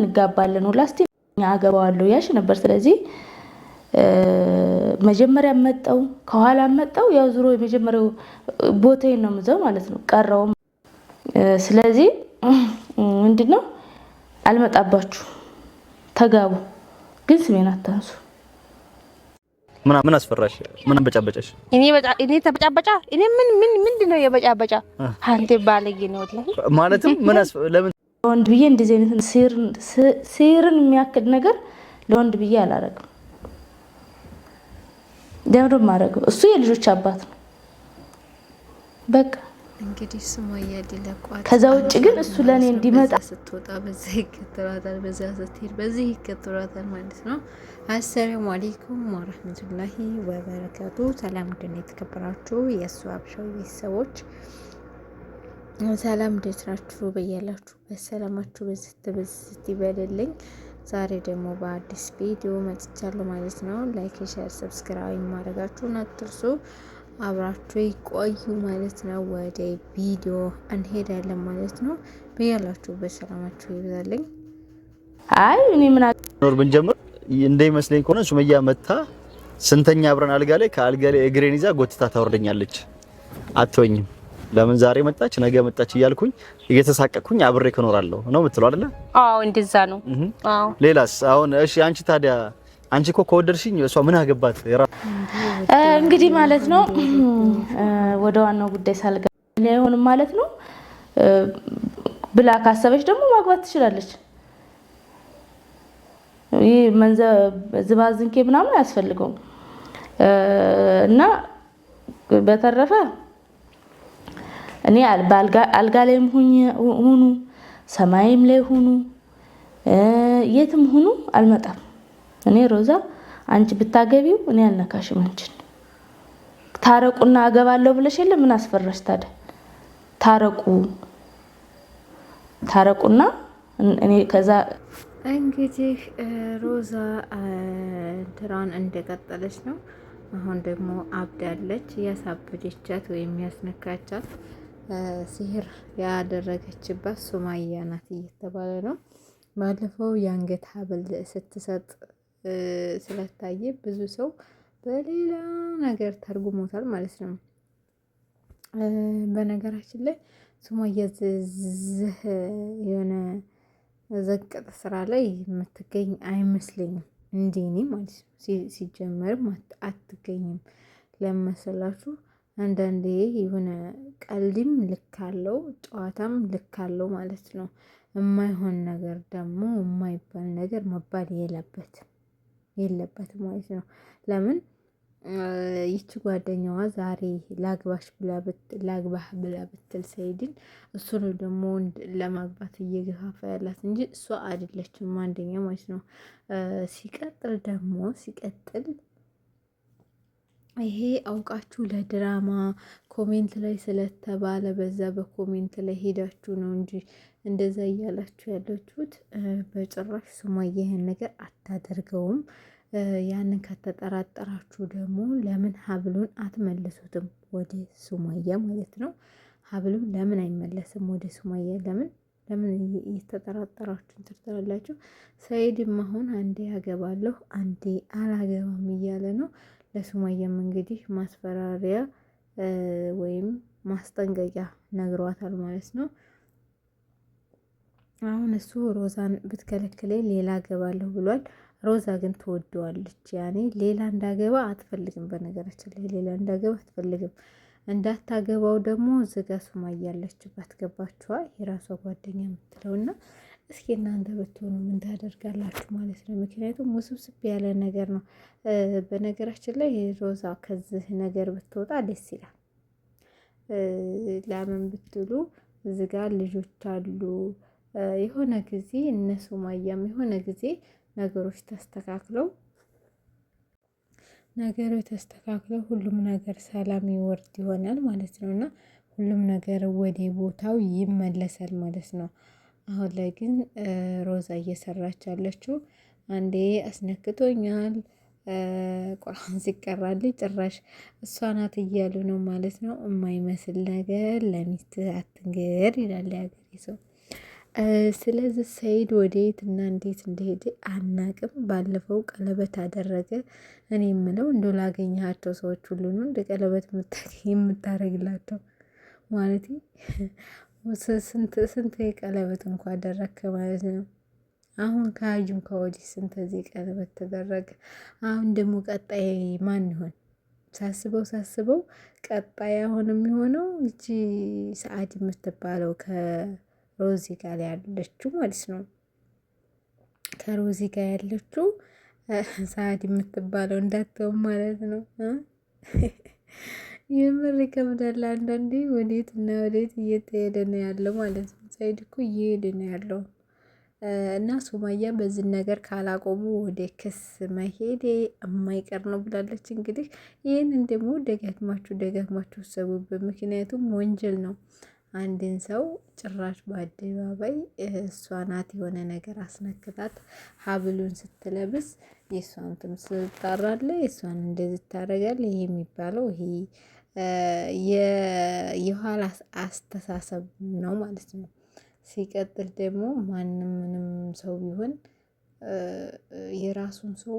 እንጋባለን ሁላስቲ አገባዋለሁ ያልሽ ነበር። ስለዚህ መጀመሪያ መጣው ከኋላ መጣው፣ ያው ዙሮ የመጀመሪያው ቦታዬን ነው ምዘው ማለት ነው ቀረውም። ስለዚህ ምንድን ነው አልመጣባችሁ፣ ተጋቡ፣ ግን ስሜን አታንሱ። ምን አስፈራሽ? ምን በጫበጫሽ? እኔ በጫ እኔ ተበጫበጫ እኔ ምን ምን ምንድን ነው የበጫበጫ አንተ ባለጌ ነው ማለት ለምን ለወንድ ብዬ እንደዚህ አይነት ሴርን የሚያክል ነገር ለወንድ ብዬ አላረግም። ደምሮ ማድረግ እሱ የልጆች አባት ነው። በቃ እንግዲህ ስሟ እያደለቋት ከዛ ውጭ ግን እሱ ለእኔ እንዲመጣ ስትወጣ በዚህ ይከተሏታል፣ በዛ ስትሄድ በዚህ ይከተሏታል ማለት ነው። አሰላሙ አሌይኩም ወረህመቱላሂ ወበረካቱ። ሰላም ድን የተከበራችሁ የእሱ አብሻው ቤተሰቦች ሰላም እንዴት ናችሁ? በያላችሁበት ሰላማችሁ በዝት ይበልልኝ። ዛሬ ደግሞ በአዲስ ቪዲዮ መጥቻለሁ ማለት ነው። ላይክ፣ ሸር፣ ሰብስክራይብ ማድረጋችሁን አትርሱ። አብራችሁ ይቆዩ ማለት ነው። ወደ ቪዲዮ እንሄዳለን ማለት ነው። በያላችሁ በሰላማችሁ ይብዛልኝ። አይ እኔ ምን አኖር ብንጀምር እንደይመስለኝ ከሆነ ሱመያ መታ ስንተኛ አብረን አልጋ ላይ ከአልጋ ላይ እግሬን ይዛ ጎትታ ታወርደኛለች። አትወኝም ለምን ዛሬ መጣች ነገ መጣች እያልኩኝ እየተሳቀኩኝ አብሬ ከኖራለሁ ነው የምትለው አይደለ? አዎ እንደዛ ነው። አዎ ሌላስ? አሁን እሺ፣ አንቺ ታዲያ አንቺ እኮ ከወደድሽኝ እሷ ምን አገባት? እንግዲህ ማለት ነው ወደ ዋናው ጉዳይ ሳልጋ አይሆንም ማለት ነው ብላ ካሰበች ደግሞ ማግባት ትችላለች። ይህ መንዘ ዝባዝንኬ ምናምን አያስፈልገውም እና በተረፈ እኔ አልጋ ላይም ሁኑ ሰማይም ላይ ሁኑ የትም ሁኑ አልመጣም። እኔ ሮዛ አንቺ ብታገቢው እኔ አልነካሽም። አንቺን ታረቁና አገባለሁ ብለሽ የለ ምን አስፈራሽ ታዲያ? ታረቁ ታረቁና እኔ ከዛ እንግዲህ ሮዛ እንትራን እንደቀጠለች ነው። አሁን ደግሞ አብዳለች። ያሳበደቻት ወይም ያስነካቻት ሲህር ያደረገችባት ሱማያ ናት እየተባለ ነው። ባለፈው የአንገት ሀብል ስትሰጥ ስለታየ ብዙ ሰው በሌላ ነገር ተርጉሞታል ማለት ነው። በነገራችን ላይ ሱማያ ዝህ የሆነ ዘቀጥ ስራ ላይ የምትገኝ አይመስለኝም እንዴ ማለት ነው። ሲጀመርም አትገኝም ለመሰላችሁ አንዳንዴ የሆነ ቀልድም ልክ አለው ጨዋታም ልክ አለው ማለት ነው። የማይሆን ነገር ደግሞ የማይባል ነገር መባል የለበትም የለበት ማለት ነው። ለምን? ይቺ ጓደኛዋ ዛሬ ላግባሽ ብላ ላግባህ ብላ ብትል ሰይድን እሱ ነው ደግሞ ለማግባት እየገፋፋ ያላት እንጂ እሷ አይደለችም አንደኛ ማለት ነው። ሲቀጥል ደግሞ ሲቀጥል ይሄ አውቃችሁ ለድራማ ኮሜንት ላይ ስለተባለ በዛ በኮሜንት ላይ ሄዳችሁ ነው እንጂ እንደዛ እያላችሁ ያላችሁት። በጭራሽ ሱመያ ይህን ነገር አታደርገውም። ያንን ከተጠራጠራችሁ ደግሞ ለምን ሀብሉን አትመልሱትም ወደ ሱመያ ማለት ነው። ሀብሉን ለምን አይመለስም ወደ ሱመያ? ለምን ለምን እየተጠራጠራችሁ እንትን ትላላችሁ? አሁን አንዴ ያገባለሁ አንዴ አላገባም እያለ ነው። ለሱማያም እንግዲህ ማስፈራሪያ ወይም ማስጠንቀቂያ ነግሯታል ማለት ነው። አሁን እሱ ሮዛን ብትከለክለ ሌላ አገባለሁ ብሏል። ሮዛ ግን ትወደዋለች። ያኔ ሌላ እንዳገባ አትፈልግም። በነገራችን ላይ ሌላ እንዳገባ አትፈልግም። እንዳታገባው ደግሞ ዝጋ ሱማያ ያለችባት ገባችኋ የራሷ ጓደኛ የምትለውና እስኪ እናንተ ብትሆኑ ምን ታደርጋላችሁ ማለት ነው። ምክንያቱም ውስብስብ ያለ ነገር ነው። በነገራችን ላይ ሮዛ ከዚህ ነገር ብትወጣ ደስ ይላል። ለምን ብትሉ እዚህ ጋር ልጆች አሉ። የሆነ ጊዜ እነሱ ማያም የሆነ ጊዜ ነገሮች ተስተካክለው ነገሮች ተስተካክለው ሁሉም ነገር ሰላም ይወርድ ይሆናል ማለት ነው እና ሁሉም ነገር ወደ ቦታው ይመለሳል ማለት ነው። አሁን ላይ ግን ሮዛ እየሰራች ያለችው አንዴ አስነክቶኛል ቁርአን ሲቀራልኝ ጭራሽ እሷ ናት እያሉ ነው ማለት ነው። የማይመስል ነገር ለሚስት አትንገር ይላል የሀገሬ ሰው። ስለዚህ ሰይድ ወዴት እና እንዴት እንደሄደ አናቅም። ባለፈው ቀለበት አደረገ። እኔ የምለው እንደ ላገኘሃቸው ሰዎች ሁሉ ነው እንደ ቀለበት የምታደርግላቸው ማለት ስንት ቀለበት እንኳ አደረግክ ማለት ነው። አሁን ከሀጁም ከወዲህ ስንት እዚህ ቀለበት ተደረገ። አሁን ደግሞ ቀጣይ ማን ይሆን ሳስበው ሳስበው ቀጣይ አሁን የሚሆነው እቺ ሰዓድ የምትባለው ከሮዚ ጋር ያለችው ማለት ነው። ከሮዚ ጋር ያለችው ሰዓድ የምትባለው እንዳትተውም ማለት ነው። የምር ይከብዳል። አንዳንዴ ወዴት እና ወዴት እየተሄደ ነው ያለው ማለት ነው። ሰኢድ እኮ እየሄደ ነው ያለው እና ሱማያ በዚህ ነገር ካላቆሙ ወደ ክስ መሄድ የማይቀር ነው ብላለች። እንግዲህ ይህንን ደግሞ ደጋግማችሁ ደጋግማችሁ ሰቡብ፣ ምክንያቱም ወንጀል ነው። አንድን ሰው ጭራሽ በአደባባይ እሷ ናት የሆነ ነገር አስነክታት ሀብሉን ስትለብስ የእሷን ትም ስታራለ የእሷን እንደዚህ ታደርጋለህ ይሄ የሚባለው ይሄ የኋላ አስተሳሰብ ነው ማለት ነው። ሲቀጥል ደግሞ ማንም ምንም ሰው ቢሆን የራሱን ሰው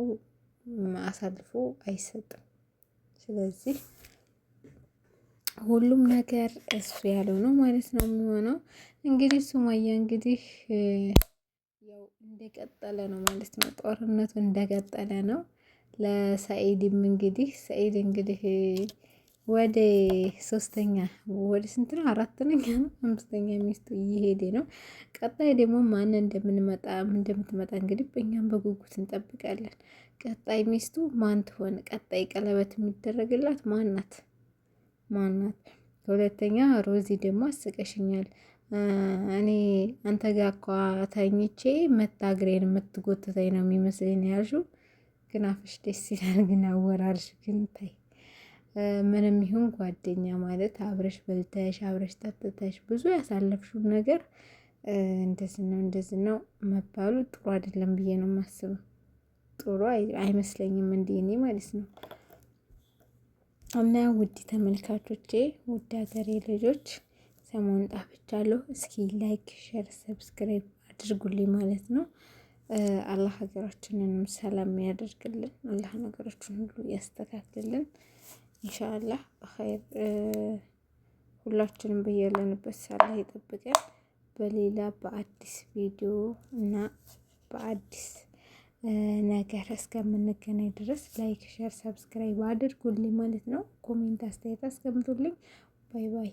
አሳልፎ አይሰጥም። ስለዚህ ሁሉም ነገር እሱ ያለው ነው ማለት ነው የሚሆነው። እንግዲህ ሱማያ እንግዲህ ያው እንደቀጠለ ነው ማለት ነው፣ ጦርነቱ እንደቀጠለ ነው። ለሰኢድም እንግዲህ ሰኢድ እንግዲህ ወደ ሶስተኛ ወደ ስንት ነው አራተኛ ነው አምስተኛ ሚስቱ እየሄደ ነው። ቀጣይ ደግሞ ማን እንደምንመጣ እንደምትመጣ እንግዲህ በእኛም በጉጉት እንጠብቃለን። ቀጣይ ሚስቱ ማን ትሆን? ቀጣይ ቀለበት የሚደረግላት ማን ናት? ማናት? ሁለተኛ ሮዚ ደግሞ አስቀሽኛል። እኔ አንተ ጋ እኮ ተኝቼ መታግሬን የምትጎትተኝ ነው የሚመስለኝ ያልሽው፣ ግን አፍሽ ደስ ይላል፣ ግን አወራርሽ ግን ታይ። ምንም ይሁን ጓደኛ ማለት አብረሽ በልተሽ አብረሽ ጠጥተሽ ብዙ ያሳለፍሽው ነገር እንደዚህ ነው እንደዚህ ነው መባሉ ጥሩ አይደለም ብዬ ነው የማስበው። ጥሩ አይመስለኝም እንዲህ እኔ ማለት ነው። እና ውድ ተመልካቾቼ ውድ ሀገሬ ልጆች ሰሞን ጣፍቻለሁ። እስኪ ላይክ፣ ሼር፣ ሰብስክራይብ አድርጉልኝ ማለት ነው። አላህ ሀገራችንንም ሰላም ያደርግልን። አላህ ነገሮችን ሁሉ ያስተካክልልን። ኢንሻአላህ ኸይር ሁላችንም በያለንበት ሰላም ይጠብቀን። በሌላ በአዲስ ቪዲዮ እና በአዲስ ነገር እስከምንገናኝ ድረስ ላይክ፣ ሼር፣ ሰብስክራይብ አድርጉልኝ ማለት ነው። ኮሜንት አስተያየት አስቀምጡልኝ። ባይ ባይ።